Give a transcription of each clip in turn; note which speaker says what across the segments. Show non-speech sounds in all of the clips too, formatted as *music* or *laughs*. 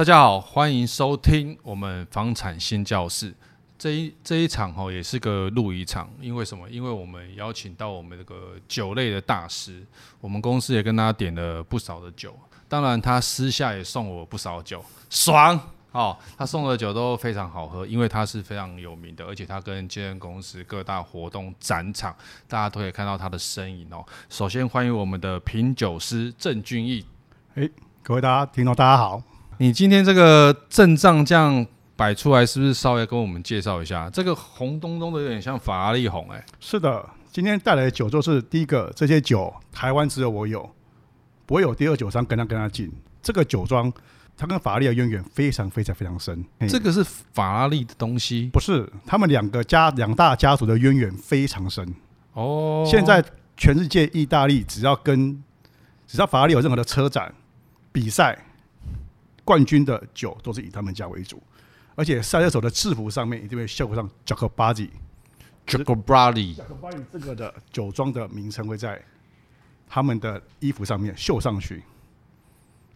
Speaker 1: 大家好，歡迎收聽我們房產星叫室。這一這一場哦，也是個露營場，因為什麼？因為我們邀請到我們這個酒類的大師，我們公司也跟他點了不少的酒。當然，他私下也送我不少酒，爽哦！他送的酒都非常好喝，因為他是非常有名的，而且他跟健身公司各大活動展場，大家都可以看到他的身影哦。首先歡迎我們的品酒師鄭竣謚，哎，各位大家聽眾大家好。你今天這個陣仗這樣擺出來，是不是稍微跟我們介紹一下？這個紅咚咚的有點像法拉利紅，哎，
Speaker 2: 是的，今天帶來的酒就是第一個，這些酒台灣只有我有，我有第二酒商跟他跟他進。這個酒莊它跟法拉利的淵源非常非常非常深。這個是法拉利的東西？不是，他們兩個家兩大家族的淵源非常深。哦，現在全世界意大利只要跟只要法拉利有任何的車展比賽。冠軍的酒都是以他們家為主，而且賽車手的制服上面一定會繡上 GIACOBAZZI，就是，GIACOBAZZI 這個的酒莊的名稱會在他們的衣服上面繡上去，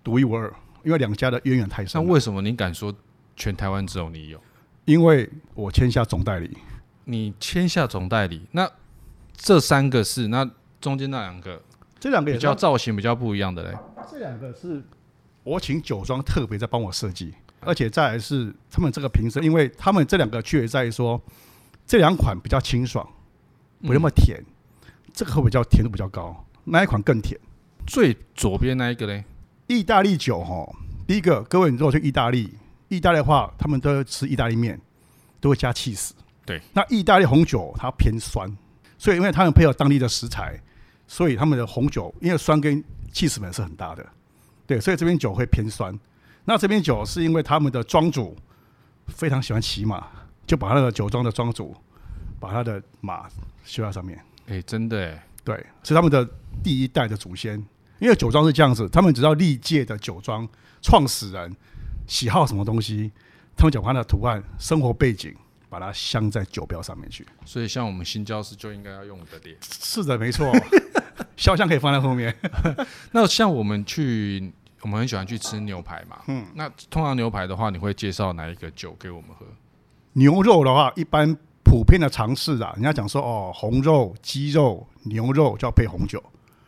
Speaker 2: 獨一無二，啊、因為兩家的淵源太深。那為什麼你敢說全台
Speaker 1: 灣只有你有？因為我簽下總代理，你簽下總代理，那這三個是，那中間那兩個，這兩個比較造型比較不一樣的嘞，啊，這兩個是。
Speaker 2: 我請酒莊特別在幫我設計，而且再來是他們這個瓶身，因為他們這兩個區別在於說，這兩款比較清爽，不那麼甜，嗯、這個會比較甜度比較高，那一款更甜，最左邊那一個呢？意大利酒吼，第一個，各位你如果去意大利，意大利的話他們都要吃意大利麵，都會加起司。對，那意大利紅酒它偏酸，所以因為他們配合當地的食材，所以他們的紅酒因為酸跟起司粉是很搭的。對，所以這瓶酒會偏酸。那這瓶酒是因為他們的莊主非常喜歡騎馬，就把那個酒莊的莊主把他的馬修在上面。哎、欸，真的、欸，對，是他們的第一代的祖先。因為酒莊是這樣子，他們只知道歷屆的酒莊創始人喜好什麼東西，他們就把他的圖案、生活背景，把它鑲在酒標上面去。所以，像我們星叫室就應該
Speaker 1: 要用我的臉。
Speaker 2: 是的，沒錯。 *laughs* *laughs* 肖像，可以放在後面。 *laughs* 那像我
Speaker 1: 們去，我們很喜歡去吃牛排嘛。嗯，那通常牛排的話，你會介紹哪一個
Speaker 2: 酒給我們喝？牛肉的話，一般普遍的常識啊，人家講說哦，紅肉、雞肉、牛肉就要配紅酒。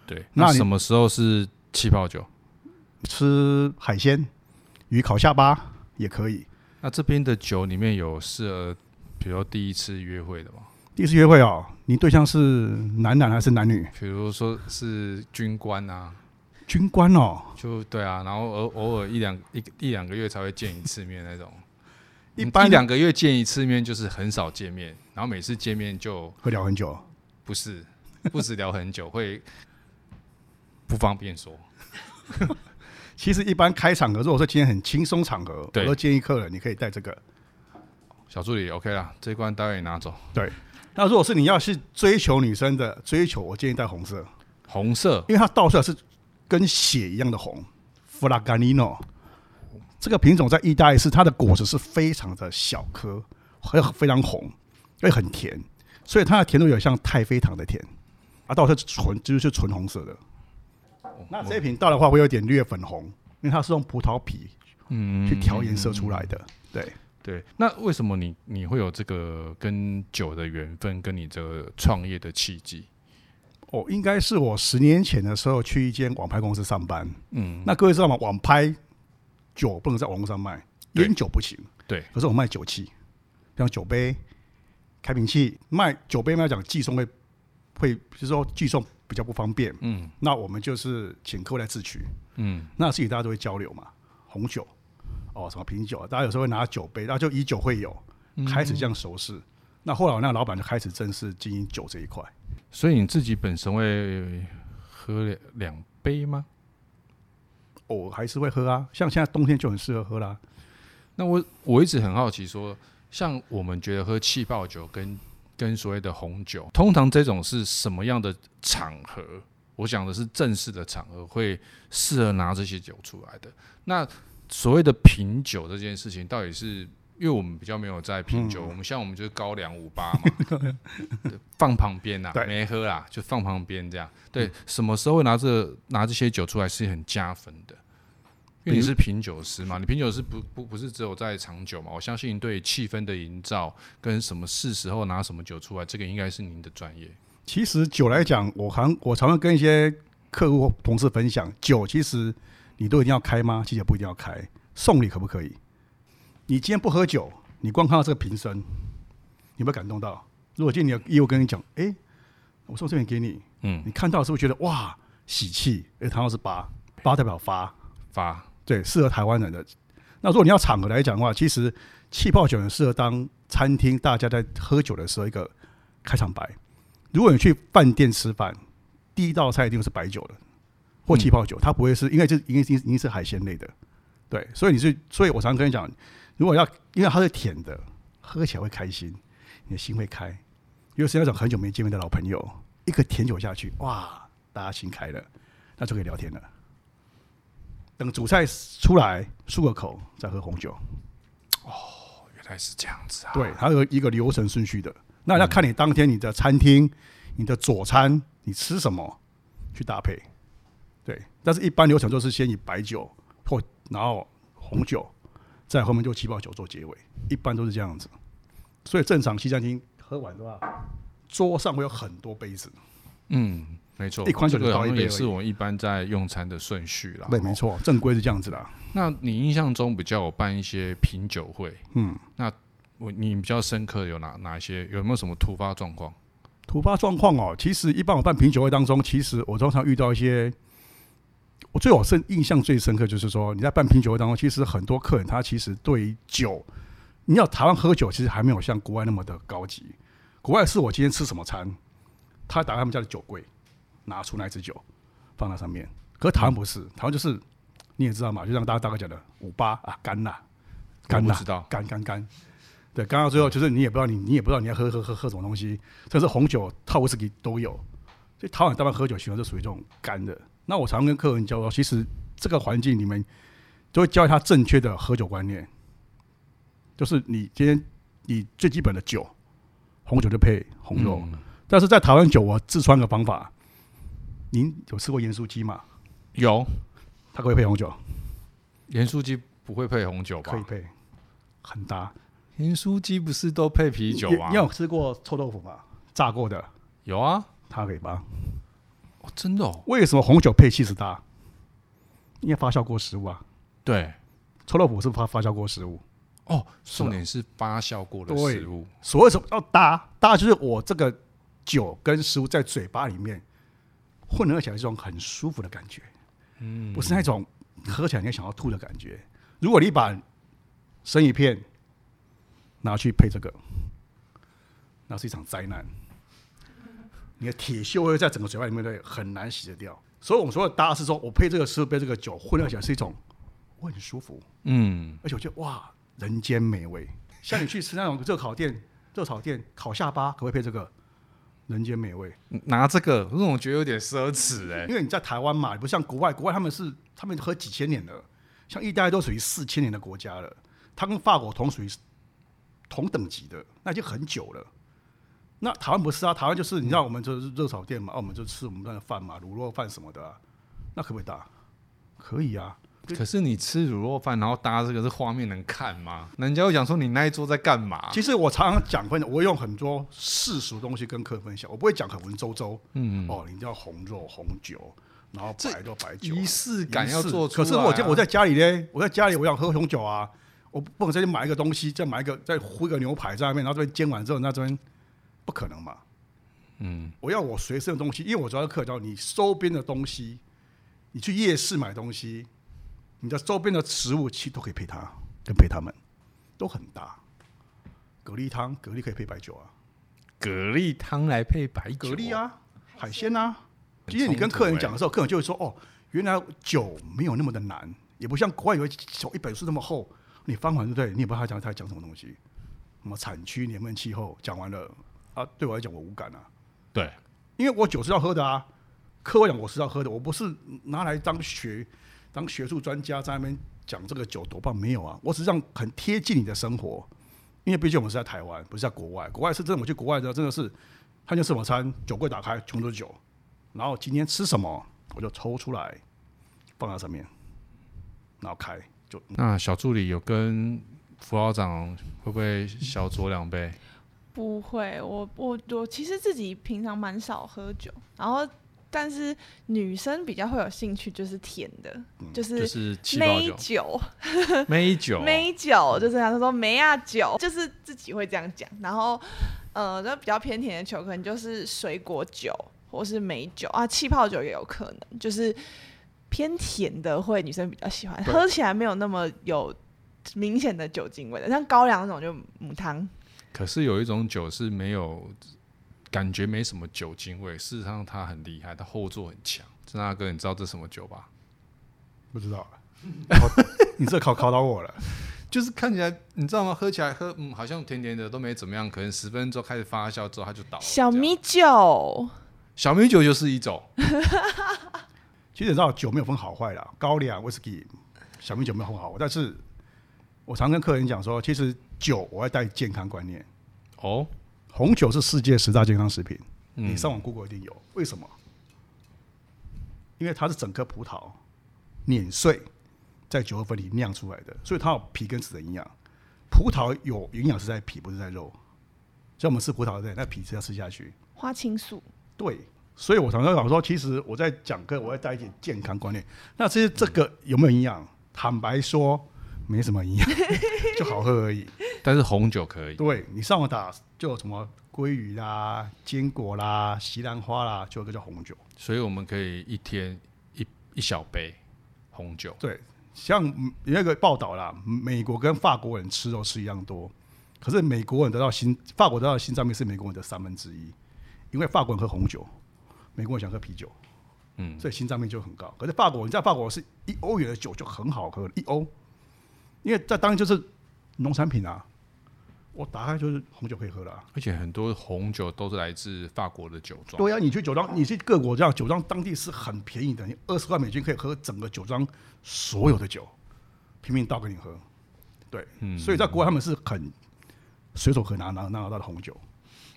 Speaker 2: 對，那什麼時候是氣泡酒？吃海鮮、魚烤下巴也可以。那這邊的酒裡面有適合，比如說第一次約會的嗎？第一次約會哦，你對象是男男還是男女？比如
Speaker 1: 說是軍官啊，
Speaker 2: 軍官哦，
Speaker 1: 就對啊，然後偶偶爾一兩一一兩個月才會見一次面那種， *laughs* 一般兩個月見一次面就是很少見面，然後每次見面就會聊很久，不是不止聊很久， *laughs* 會不方便說。
Speaker 2: *laughs* 其實一般開場合，如果說今天很輕鬆場合，我都建議客人你可以帶這個小助理，OK 啦，這一關當然拿走，對。那如果是你要去追求女生的追求，我建議帶紅色、紅色，因為它倒出來是跟血一樣的紅。弗拉甘尼諾這個品種在意大利是它的果子是非常的小顆，還非常紅，又很甜，所以它的甜度有點像太妃糖的甜，啊倒、倒是純就是純紅色的。那這一瓶倒的話會有點略粉紅，因為它是用葡萄皮去調顏色出來的，嗯嗯嗯對。
Speaker 1: 對，那為什麼你你會有這個跟酒的緣分，跟你這個創業的契機？
Speaker 2: 哦，應該是我十年前的時候去一間網拍公司上班，嗯，那各位知道嗎？網拍酒不能在網路上賣，菸酒不行，對。可是我賣酒器，像酒杯、開瓶器，賣酒杯，因為講寄送會會，就是說寄送比較不方便，嗯。那我們就是請客戶來自取，嗯。那自己大家都會交流嘛，紅酒。哦，什麼品酒啊？大家有時候會拿酒杯，然後就以酒會友、嗯嗯，開始這樣熟識。那後來我那個老板就開始正式經營酒這一塊。
Speaker 1: 所以你自己本身會喝兩杯嗎？
Speaker 2: 哦，還是會喝啊。像現在冬天就很適合喝啦、啊。那我
Speaker 1: 我一直很好奇說，說像我們覺得喝氣泡酒跟跟所謂的紅酒，通常這種是什麼樣的場合？我講的是正式的場合會適合拿這些酒出來的。那所謂的品酒這件事情，到底是因為我們比較沒有在品酒，我們像我們就是高粱五八嘛，放旁邊吶，對，沒喝啦，就放旁邊這樣。對，什麼時候會拿着拿這些酒出來是很加分的，因為你是品酒師嘛，你品酒師不不不是只有在嘗酒嘛？我相信對氣氛的營造跟什麼是時候拿什麼酒出來，這個應該是您的專業。
Speaker 2: 其實酒來講，我常我常常跟一些客戶同事分享，酒其實。你都一定要開嗎？其實也不一定要開，送禮可不可以？你今天不喝酒，你光看到這個瓶身，你有沒有感動到？如果今天你，有，業務跟你講，哎、欸，我送這瓶給你，嗯，你看到的時候覺得哇，喜氣。誒，他要是八，八代表發，發，對，適合台灣人的。那如果你要場合來講的話，其實氣泡酒很適合當餐廳大家在喝酒的時候一個開場白。如果你去飯店吃飯，第一道菜一定是白酒的。或氣泡酒，嗯、它不會是，因為就應該應應是海鮮類的，對，所以你是，所以我常常跟你講，如果要，因為它是甜的，喝起來會開心，你的心會開，因為是在找很久沒見面的老朋友，一個甜酒下去，哇，大家心開了，那就可以聊天了。等主菜出來漱個口，再喝紅酒。
Speaker 1: 哦，原來是這樣
Speaker 2: 子啊。對，它有一個流程順序的，那要看你當天你的餐廳、你的佐餐你吃什麼去搭配。對，但是一般流程都是先以白酒或然後紅酒，再後面就氣泡酒做結尾，一般都是這樣子。所以正常西餐廳喝完的話，桌上會有很多杯子。嗯，
Speaker 1: 沒錯，一款酒就倒一杯、這個、好像也是我一般在用餐的順序
Speaker 2: 啦。對，沒錯，正規是這樣子啦。
Speaker 1: 那你印象中比較有辦一些品酒會，嗯，那我你比較深刻的有哪哪些？有沒有什麼突發狀況？
Speaker 2: 突發狀況哦，其實一般我辦品酒會當中，其實我常常遇到一些。我最有深印象最深刻就是說，你在辦品酒會當中，其實很多客人他其實對於酒，你要台灣喝酒，其實還沒有像國外那麼的高級。國外是我今天吃什麼餐，他打開他們家的酒櫃，拿出那一支酒，放在上面。可是台灣不是，台灣就是，你也知道嘛，就像大家大概講的五八啊，乾了、啊，乾了，知道，乾乾乾，乾，對，乾到最後就是你也不知道你你也不知道你要喝喝喝喝什麼東西，這是紅酒、tequisky 都有，所以台灣大部分喝酒習慣是屬於這種乾的。那我常跟客人交流，其實這個環境裡面都會教他正確的喝酒觀念，就是你今天你最基本的酒，紅酒就配紅肉，嗯，但是在台灣酒我自創個方法，您有吃過鹽酥雞嗎？有，他可以配紅酒。
Speaker 1: 鹽酥雞不會配紅酒吧？可以配，很搭。
Speaker 2: 鹽酥雞不是都配啤酒嗎你？你有吃過臭豆腐嗎？炸過的，有啊，它可以吧？哦、真的哦？為什麼紅酒配起司搭？因為發酵過食物啊。對，臭豆腐是發發酵過食物。哦，重點是發酵過的食物，的食物。所謂什麼搭搭，搭就是我這個酒跟食物在嘴巴裡面混在一起，是一種很舒服的感覺。嗯，不是那種喝起來你要想要吐的感覺。如果你把生魚片拿去配這個，那是一場災難。你的鐵鏽會在整個嘴巴裡面都很難洗得掉，所以，我們說，大師是說我配這個是配這個酒混在一起是一種，我很舒服，嗯，而且我覺得哇，人間美味。像你去吃那種熱烤店，熱 *laughs* 炒店烤下巴，可、不可以配這個？人間美味，拿這個，可我覺得有點奢侈哎，因為你在台灣嘛，不像國外，國外他們是他們喝幾千年的，像意大利都屬於四千年的國家了，它跟法國同屬於同等級的，那已經很久了。那台灣不是啊，台灣就是你知道，我們就熱炒店嘛、嗯啊，我們就吃我們那的飯嘛，滷肉飯什麼的、啊，那可不可以搭？
Speaker 1: 可以啊。可，可是你吃滷肉飯，然後搭這個，這畫、個、面能看嗎？人家會講說你
Speaker 2: 那一桌在幹嘛？其實我常常講分我用很多世俗東西跟客人分享，我不會講很文縐縐。嗯嗯。哦，你要紅肉紅酒，然後白肉白酒，儀式感要做。可是我在我在家裡咧，我在家裡，我想喝紅酒啊，我不能再去買一個東西，再買一個，再呼一個牛排在那邊，然後這邊煎完之後，那這邊。不可能嘛？嗯，我要我隨身的東西，因為我主要客教你周邊的東西，你去夜市買東西，你的周邊的食物其實都可以配他跟配他們，都很搭。蛤蜊湯，蛤蜊可以配白酒啊，蛤蜊湯來配白酒，蛤蜊啊，海鮮啊。今天你跟客人講的時候，客人就會說哦，原來酒沒有那麼的難，也不像國外有一本書那麼厚，你翻完對不對？你也不知道他講他在講什麼東西，什麼產區、年份、氣候，講完了。啊，對我來講我無感啊，對，因為我酒是要喝的啊，課我講我是要喝的，我不是拿來當學當學術專家在那邊講這個酒多棒，沒有啊，我實際上很貼近你的生活，因為畢竟我們是在台灣，不是在國外，國外是真的。我去國外的時候真的是他就吃晚餐，酒櫃打開全都是酒，然後今天吃什麼我就抽出來放在上面，然後開就。那
Speaker 1: 小助理有跟副校長會不會小酌兩杯？嗯不會，我我我其實自己平常蠻少喝酒，然後但是女生比較會有興趣，就是甜的，嗯、就是妹酒，妹、嗯、就是、酒，妹 *laughs* 酒、嗯、就是這她說妹阿酒，就是自己會這樣講，然後呃，就比較偏甜的酒，可能就是水果酒或是美酒啊，氣泡酒也有可能，就是偏甜的會女生比較喜歡，喝起來沒有那麼有明顯的酒精味的，像高粱那種就母湯。可是有一種酒是沒有感覺，沒什麼酒精味。事實上，它很厲害，它後座很強。鄭大哥，你知道這什麼酒吧？
Speaker 2: 不知道 *laughs* 你這考考倒我了。就是看起來，你知道嗎？喝起
Speaker 1: 來喝，嗯，好像甜甜的，都沒怎麼樣。可能十分鐘開始發酵之後，它就倒了。小
Speaker 2: 米酒。小米酒就是一種。 *laughs* 其實你知道，酒沒有分好壞啦，高粱威士忌，小米酒沒有分好壞，但是。我常跟客人講說，其實酒我要帶健康觀念。哦，紅酒是世界十大健康食品，嗯、你上網 Google 一定有。為什麼？因為它是整顆葡萄碾碎在酒和粉裡釀出來的，所以它有皮跟籽的營養。葡萄有營養是在皮，不是在肉。所以我們吃葡萄對，那皮是要吃下去。
Speaker 1: 花青素。
Speaker 2: 對，所以我常常講說，其實我在講課，我要帶一點健康觀念。那其實這個有沒有營養、嗯？坦白說。沒什麼營養，就好喝而已。 *laughs*
Speaker 1: 但是紅酒可以，對
Speaker 2: 你上午打就有什麼鮭魚啦、堅果啦、西蘭花啦，就都叫紅酒。
Speaker 1: 所以我們可以一天一一小杯
Speaker 2: 紅酒。對，像那個報道啦，美國跟法國人吃都吃一樣多，可是美國人得到心，法國得到心臟病是美國人的三分之一，因為法國人喝紅酒，美國人想喝啤酒，嗯，所以心臟病就很高。可是法國人，你在法國是一歐元的酒就很好喝，一歐。因為在當地就是農產品啊，我打開就是紅酒可以喝了、
Speaker 1: 啊，而且很多紅酒都是來自法國的酒
Speaker 2: 莊。對呀、啊，你去酒莊，你去各國這樣酒莊，當地是很便宜的，你二十塊美金可以喝整個酒莊所有的酒，拼命倒給你喝。對，嗯、所以在國外他們是很隨手可拿拿拿得到的紅酒。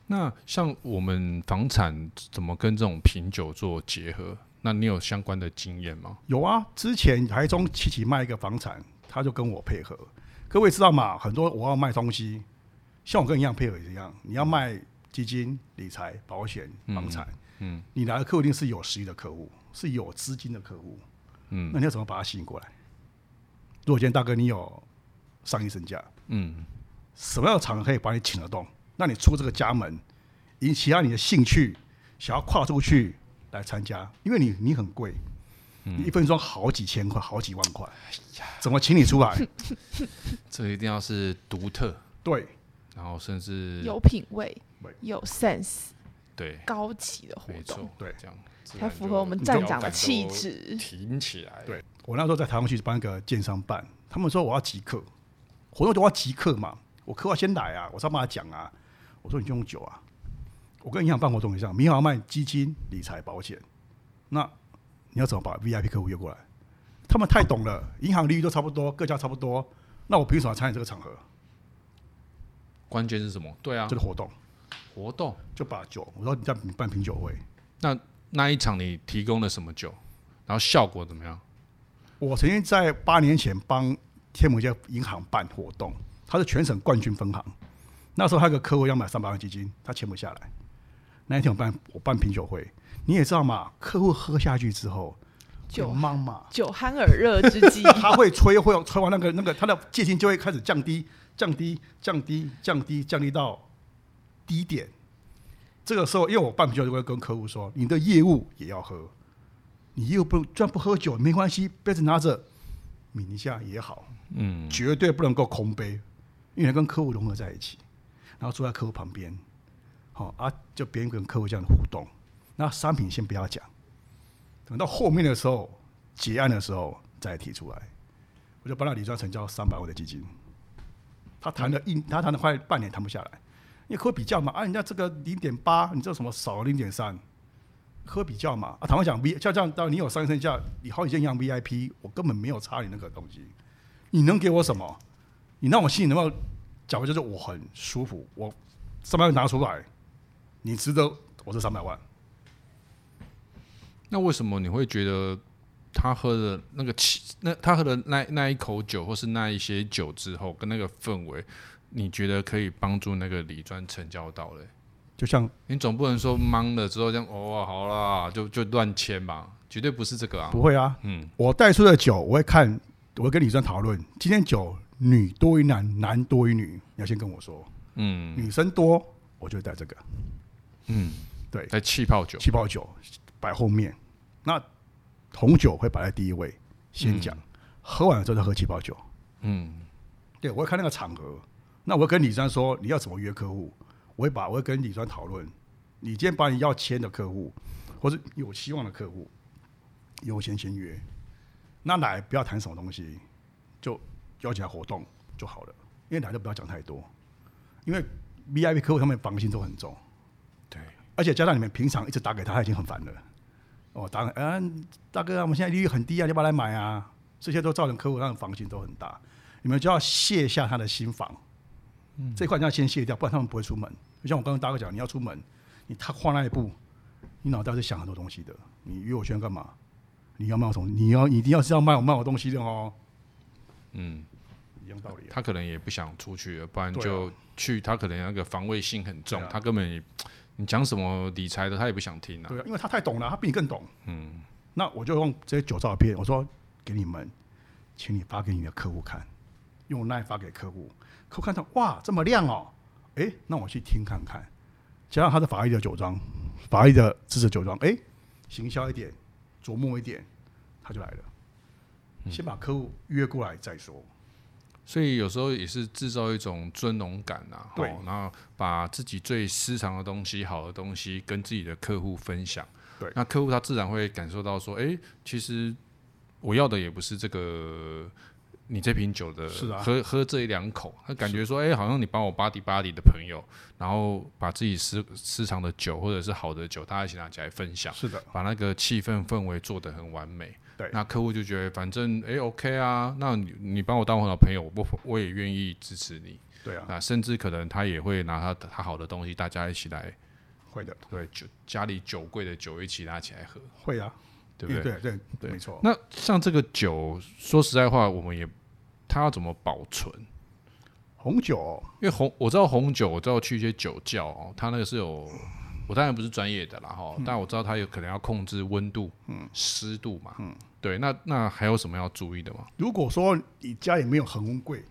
Speaker 1: 那像我們房產怎麼跟這種品酒做結合？那你有相關的經驗嗎？
Speaker 2: 有啊，之前台中七期賣一個房產。他就跟我配合，各位知道嘛？很多我要賣東西，像我跟你一樣配合也是一樣。你要賣基金、理財、保險、房產，嗯嗯，你來的客戶一定是有實力的客戶，是有資金的客戶，嗯，那你要怎麼把他吸引過來？如果今天大哥你有上億身價，嗯，什麼樣的場合可以把你請得動？那你出這個家門，引起他你的興趣，想要跨出去來參加，因為你你很貴。嗯、一分鐘好幾千塊，好幾萬塊、哎，怎麼
Speaker 1: 請你出來？ *laughs* 這一定要是獨特對，然後甚至有品味、有 sense 對高級的活動，對這樣才符合我們站長的氣質。挺
Speaker 2: 起來，對。我那時候在台灣去辦一個建商辦，他們說我要即刻活動，就要即刻嘛，我客戶先來啊，我再幫他講啊。我說你就用酒啊，我跟銀行辦活動一樣，銀行賣基金、理財、保險，那。你要怎麼把 VIP 客戶約過來？他們太懂了，銀行利率都差不多，各家差不多，那我憑什麼要參與這個場合？關鍵是什麼？對啊，這個活動，活動就把酒，我說你在辦品酒會。
Speaker 1: 那那一場你提供了什麼酒？然後效果怎麼樣？
Speaker 2: 我曾經在八年前幫天母家銀行辦活動，他是全省冠軍分行。那時候他有個客戶要買三百萬基金，他簽不下來。那一天我辦我辦品酒會，你也知道嘛，客戶喝下去之後，酒茫嘛，酒酣
Speaker 1: 耳熱之際， *laughs* 他會
Speaker 2: 吹會吹完那個那個他的戒心就會開始降低，降低，降低，降低，降低，降低到低點。這個時候，因為我辦品酒會，就會跟客戶說，你的業務也要喝，你又不專不喝酒沒關係，杯子拿着抿一下也好，嗯，絕對不能夠空杯，因為跟客戶融合在一起，然後坐在客戶旁邊。啊！就別人跟客戶這樣的互動，那商品先不要講，等到後面的時候結案的時候再提出來。我就幫他理專成交三百萬的基金，他談了一，嗯、他談了快半年談不下來，因為會比較嘛。啊，人家這個零點八，你這什麼少了零點三，會比較嘛？啊，他會講，V 就這樣，到你有上身價，你好幾千樣 VIP，我根本沒有差你那個東西。你能給我什麼？你讓我心裡能夠，講的就是我很舒服，我三百萬拿出來。你值得我這三百萬？
Speaker 1: 那為什麼你會覺得他喝的那個氣，那他喝的那那一口酒，或是那一些酒之後，跟那個氛圍，你覺得可以幫助那個理專成交到嘞？就像你總不能說忙了之後這樣，哦，好啦，就就亂簽吧？絕對不是這個啊！不會啊，嗯，
Speaker 2: 我帶出的酒，我會看，我會跟理專討論。今天酒女多於男，男多於女，你要先跟我說，嗯，女生多，我就會帶這個。嗯，對，在氣泡酒、氣泡酒擺後面，那紅酒會擺在第一位，先講、嗯，喝完了之後再喝氣泡酒。嗯，對，我會看那個場合，那我會跟李川說你要怎麼約客戶，我會把我會跟李川討論，你今天把你要簽的客戶或是有希望的客戶優先先約，那來不要談什麼東西，就邀請來活動就好了，因為來就不要講太多，因為 VIP 客戶他們防心都很重。對，而且加上你們平常一直打給他，他已經很煩了。哦，打，嗯、欸，大哥啊，我們現在利率很低啊，要不要來買啊？這些都造成客戶那防心都很大。你們就要卸下他的心防，嗯，這塊要先卸掉，不然他們不會出門。就像我剛剛大哥講，你要出門，你踏跨那一步，你腦袋是想很多東西的。你約我出來幹嘛？你要賣我什麼？你要你一定要是要賣我賣我東西的哦。嗯，
Speaker 1: 一樣道理。他可能也不想出去，不然就去。他可能那個防衛性很重，啊、他根本也。你講什麼理財的，他也不想
Speaker 2: 聽啊。對啊，因為他太懂了，他比你更懂。嗯，那我就用這些酒照片，我說給你們，請你發給你的客戶看，用 LINE 發給客戶，客戶看到哇，這麼亮哦、喔，哎、欸，那我去聽看看。加上他的法醫的酒莊，法醫的知識酒莊，哎、欸，行銷一點，琢磨一點，他就來了。嗯、先把客戶約過來再說。
Speaker 1: 所以有時候也是製造一種尊榮感吶，對，然後把自己最私藏的東西、好的東西跟自己的客戶分享，對，那客戶他自然會感受到說，哎、欸，其實我要的也不是這個，你這瓶酒的，啊、喝喝這一兩口，他感覺說，哎、欸，好像你幫我巴黎巴黎的朋友，然後把自己私私藏的酒或者是好的酒，大家一起拿起來分享，是的，把那個氣氛氛圍做得很完美。對，那客戶就覺得反正哎 OK 啊，那你你幫我當我的朋友，我不我也願意支持你。對啊，那甚至可能他也會拿他他好的東西，大家一起來。會的，對酒家裡酒櫃的酒一起拿起來喝。會啊，
Speaker 2: 對不對？對對對，對，沒
Speaker 1: 錯。那像這個酒，說實在話，我們也他要怎麼保存紅酒，哦？因為紅我知道紅酒，我知道去一些酒窖哦，他那個是有。我當然不是專業的啦哈、嗯，但我知道他有可能要控制溫度、濕、嗯、度嘛。嗯，對，那那還有什麼要
Speaker 2: 注意的嗎？如果說你家也沒有恆溫櫃，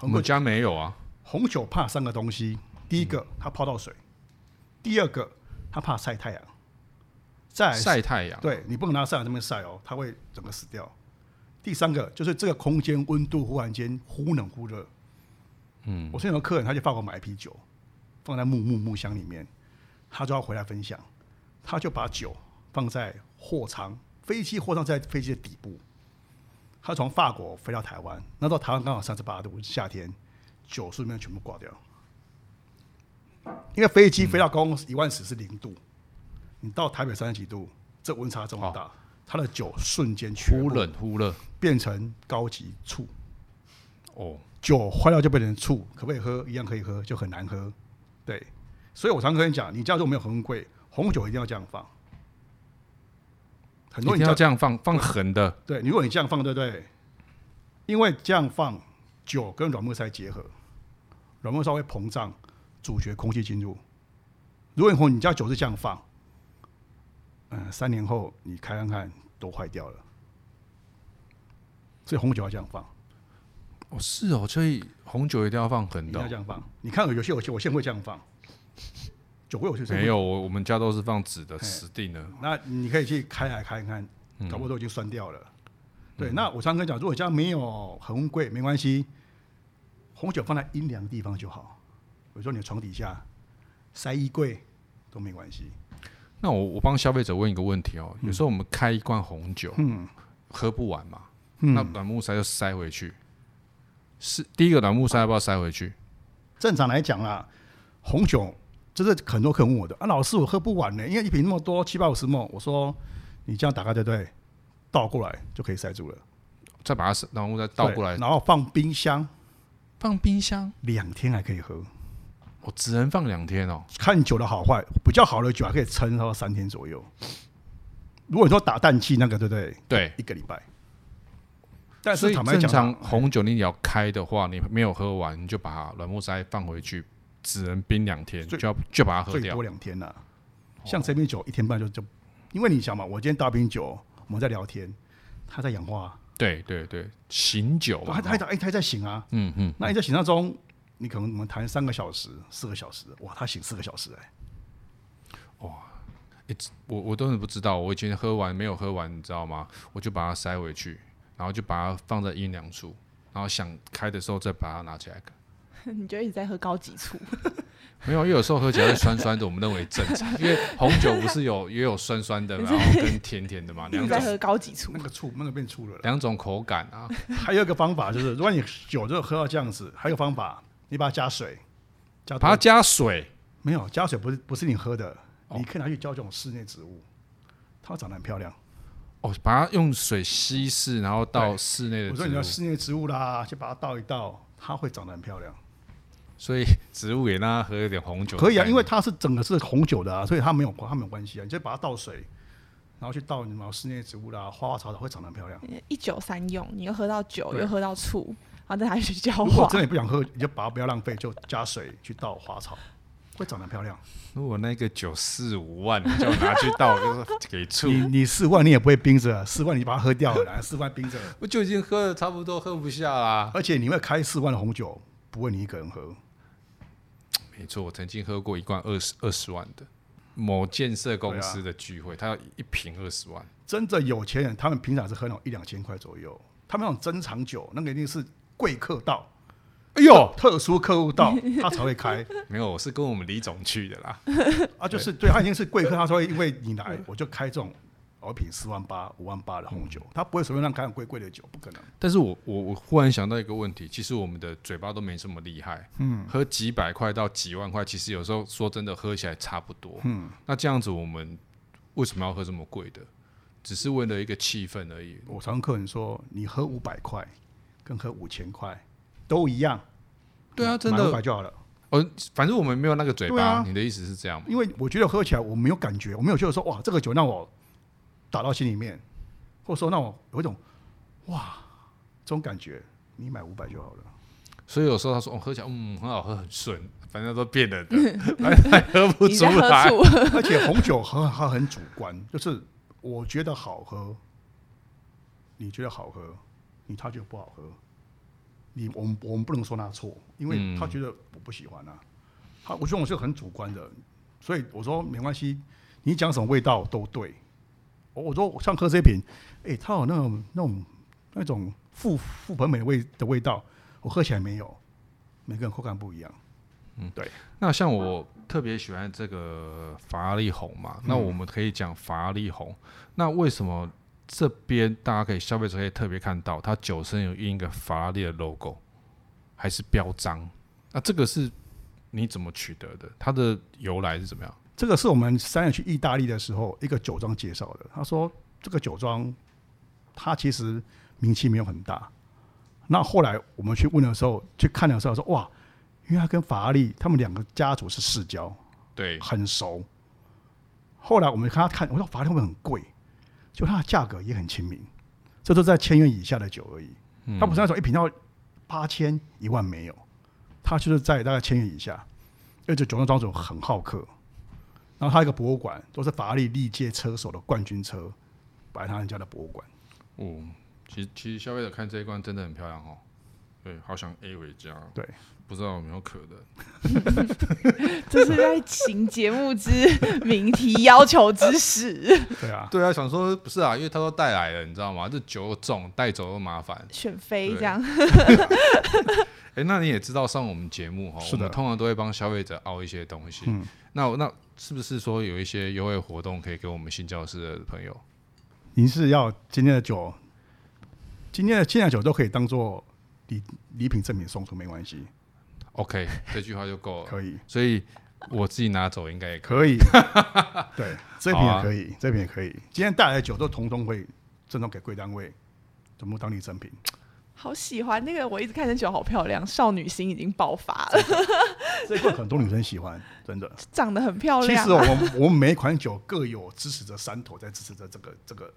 Speaker 2: 我們家沒有啊。紅酒怕三個東西：第一個，嗯、它泡到水；第二個，它怕曬太陽；再曬太陽，對你不能拿曬在這邊曬哦、喔，它會整個死掉。第三個就是這個空間溫度忽然間忽冷忽熱。嗯，我現在有客人他就放我買一瓶酒，放在木木木箱裡面。他就要回來分享，他就把酒放在貨艙，飛機貨艙在飛機的底部。他從法國飛到台灣，那到台灣剛好三十八度，夏天酒瞬間全部掛掉。因為飛機飛到高空一萬尺是零度，嗯，你到台北三十幾度，這溫差這麼大，哦，他的酒瞬間全忽冷忽熱，變成高級醋。忽忽哦，酒壞掉就變成醋，可不可以喝？一樣可以喝，就很難喝。對。所以我常跟你講，你家中沒有恆溫櫃，紅酒一定要這樣放。很多人要這樣
Speaker 1: 放，放橫的。對，
Speaker 2: 你如果你這樣放，對不對？因為這樣放，酒跟軟木塞結合，軟木塞會膨脹，阻絕空氣進入。如果你紅，你家酒是這樣放，嗯、呃，三年後你看看看，看都壞掉了。所以紅酒要這樣放。哦，是哦，所以紅酒一定要放橫的。你要這樣放。你看，有些有些，我現在會這樣放。酒櫃，我確實沒有。
Speaker 1: 我我們家都是放紙的，紙定的。
Speaker 2: 那你可以去開來開看，看，嗯，搞不好都已酸掉了。對，嗯，那我常常跟你講，如果家沒有恆溫櫃，沒關係，紅酒放在陰涼的地方就好。比如說你的床底下、塞衣櫃都沒關係。
Speaker 1: 那我我幫消費者問一個問題哦、喔嗯，有時候我們開一罐紅酒，嗯，喝不完嘛，嗯，那軟木塞就塞回去。是第一個軟木塞要不要塞回去？
Speaker 2: 啊，正常來講啊，紅酒。就是很多客人問我的啊，老師，我喝不完呢，因為一瓶那麼多，七百五十毫升。我說，你這樣打開對不對？倒過來就可以塞住了，再把它然後再倒過來，然後放冰箱，
Speaker 1: 放冰箱
Speaker 2: 兩天還可以喝。我只能放兩天哦。看酒的好壞，比較好的酒還可以撐到三天左右。如果你說打氮氣，那個，對不對？對，一,一個禮拜。但是所以正常
Speaker 1: 紅酒你要開的話，你沒有喝完，你就把軟木塞放回去。只能冰兩天，就要就把它喝掉。多兩
Speaker 2: 天了、啊，像這瓶酒一天半就、哦、就，因為你想嘛，我今天大瓶酒，我們在聊天，它在氧化。
Speaker 1: 對對對，醒酒嘛。啊還欸、它
Speaker 2: 它在在醒啊。嗯嗯。那你在醒當中，你可能我們談三個小時四個小時，哇，它醒四個小時哎、欸。哇、哦欸，
Speaker 1: 我我都很不知道，我以前喝完沒有喝完，你知道嗎？我就把它塞回去，然後就把它放在陰涼處，然後想開的時候再把它拿起來。你就一直在喝高
Speaker 2: 級醋，
Speaker 1: *laughs* 沒有，因為有時候喝起來會酸酸的，我們認為正常。因為紅酒不是有也有酸酸的， *laughs* 然後跟甜甜的嘛，你在喝
Speaker 2: 高級醋，那個醋那慢、個、變醋了。兩種口感啊。 *laughs* 還有一個方法就是，如果你酒就喝到這樣子，還有一個方法，你把它加水，加把它加水，沒有加水不是，不是你喝的，你可以拿去澆這種室內植物，哦，它長得很漂亮。
Speaker 1: 哦，把它用水稀釋，然後倒室內的植物。我說你要室
Speaker 2: 內植物啦，就把它倒一倒，它會長得很漂亮。所以植
Speaker 1: 物也讓他喝一點
Speaker 2: 紅酒可以啊，因為它是整個是紅酒的，啊，所以它沒有關，它沒有關係啊。你就把它倒水，然後去倒你們室內植物啦，啊，花花草草會長得很漂亮。一酒三用，
Speaker 1: 你又喝到酒，又喝到醋，然後再拿去澆花。如果真的不
Speaker 2: 想喝，你就把它，不要浪費，就加水去倒花草，會長得漂亮。
Speaker 1: 如果那個酒四五萬，你就拿去
Speaker 2: 倒， *laughs* 就是給醋。你你四萬，你也不會冰着，四萬你把它喝掉了，四萬冰着， *laughs* 我就已經喝的差不多，喝不下了。而且你會開四萬的紅酒，不會你一個人喝。
Speaker 1: 沒錯，我曾經喝過一罐二十二十萬的某建設公司的聚會，他要、啊、一瓶二十萬。
Speaker 2: 真的有錢人，他們平常是喝那種一兩千塊左右，他們那種珍藏酒，那個一定是貴客到，哎呦，特殊客戶到， *laughs* 他
Speaker 1: 才會開。沒有，我是跟我們李總去的啦，
Speaker 2: *laughs* 啊，就是對他已經是貴客，他才會因為你來，我就開這種。我品四萬八、五萬八的紅酒，他、嗯、不會隨便讓開很貴貴的酒，不可能。
Speaker 1: 但是我，我我我忽然想到一個問題，其實我們的嘴巴都沒這麼厲害，嗯，喝幾百塊到幾萬塊，其實有時候說真的喝起來差不多，嗯。那這樣子，我們
Speaker 2: 為什麼要喝這麼貴的？只是為了一個氣氛而已。我常跟客人說，你喝五百塊跟喝五千塊都一樣，對啊，真的買就好了，
Speaker 1: 哦。反正我們沒有那個嘴巴，啊、你的意思是這樣？
Speaker 2: 因為我覺得喝起來我沒有感覺，我沒有覺得說哇，這個酒讓我。打到心裡面，或者說那，那我有一種哇這種感覺，你買五百就好了。所以有時候他說我、哦、喝起來嗯，很好喝很
Speaker 1: 順，反正都騙人的 *laughs* 還，還喝不出來。 *laughs* 而且紅酒很
Speaker 2: 它很主觀，就是我覺得好喝，你覺得好喝，你他覺得不好喝。你我們我們不能說他錯，因為他覺得我不喜歡他、啊。他我覺得我是很主觀的，所以我說沒關係，你講什麼味道都對。我說像喝這瓶，哎、欸，它有那種那種那種覆覆盆莓的味的味道，我喝起來沒有。每個人口感不一樣。嗯，對。
Speaker 1: 那像我特別喜歡這個法拉利紅嘛，那我們可以講法拉利紅、嗯。那為什麼這邊大家可以消費者可以特別看到，它酒身有印一個法拉利的 logo，還是標章？那這個是你怎麼取得的？它的由來是怎麼樣？
Speaker 2: 這個是我們三人去意大利的時候，一個酒莊介紹的。他說這個酒莊，他其實名氣沒有很大。那後來我們去問的時候，去看的時候說哇，因為他跟法拉利他們兩個家族是世交，對，很熟。後來我們看他看，我說法拉利會不會很貴，就它的價格也很親民，這都在千元以下的酒而已。他不是那種一瓶要八千一萬沒有，它就是在大概千元以下，而且酒莊莊主很好客。然後他一個博物館，都是法拉利歷屆車手的冠軍車擺在他家的博物館。哦，其實
Speaker 1: 其實消費者看這一關真的很漂亮哦。對，好想 A 回家。哦。對，不知道有沒有可能？嗯、這是在請節目之名提 *laughs* 要求之時，對啊，對啊，想說不是啊，因為他都帶來了，你知道嗎？這酒又重，帶走又麻煩，選飛這樣。哎、 *laughs* *laughs* 欸，那你也知道上我們節目哈，我們通常都會幫消費者凹一些東西。那、嗯、那。那是不是說有一些優惠活動，可以給我們星叫室的朋友？
Speaker 2: 您是要今天的酒，今天的限量酒都可以當做禮禮品贈品送出，沒關係。
Speaker 1: OK，這句話就夠了。 *laughs* 可以，所以我自己拿走應該也可以。可以 *laughs* 對，這瓶也可以，啊、這瓶也可以。
Speaker 2: 今天帶來的酒都統統會贈送給貴單位，怎麼當你贈品。
Speaker 1: 好喜歡那個，我一直看這酒好漂亮，少女心已經爆發
Speaker 2: 了， *laughs* 這個很多女生喜歡，真的，長得很漂亮啊。其實我們我們每款酒各有支持着山頭，在支持着這個這個。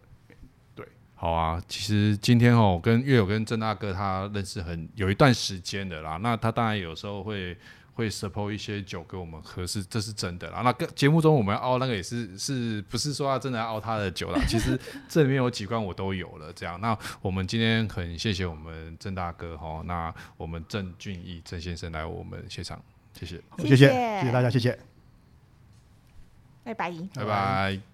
Speaker 2: 對，
Speaker 1: 好啊。其實今天哦，我跟岳友跟鄭大哥他認識很有一段時間的啦，那他當然有時候會。會 support 一些酒給我們喝，是這是真的啦。那個節目中我們要熬那個也是，是不是說要真的要熬他的酒啦？ *laughs* 其實這裡面有幾罐我都有了。這樣，那我們今天很謝謝我們鄭大哥哈。那我們鄭竣謚鄭先生來我們現場，
Speaker 2: 謝謝，謝謝，謝謝大家，謝謝。哎，白拜拜。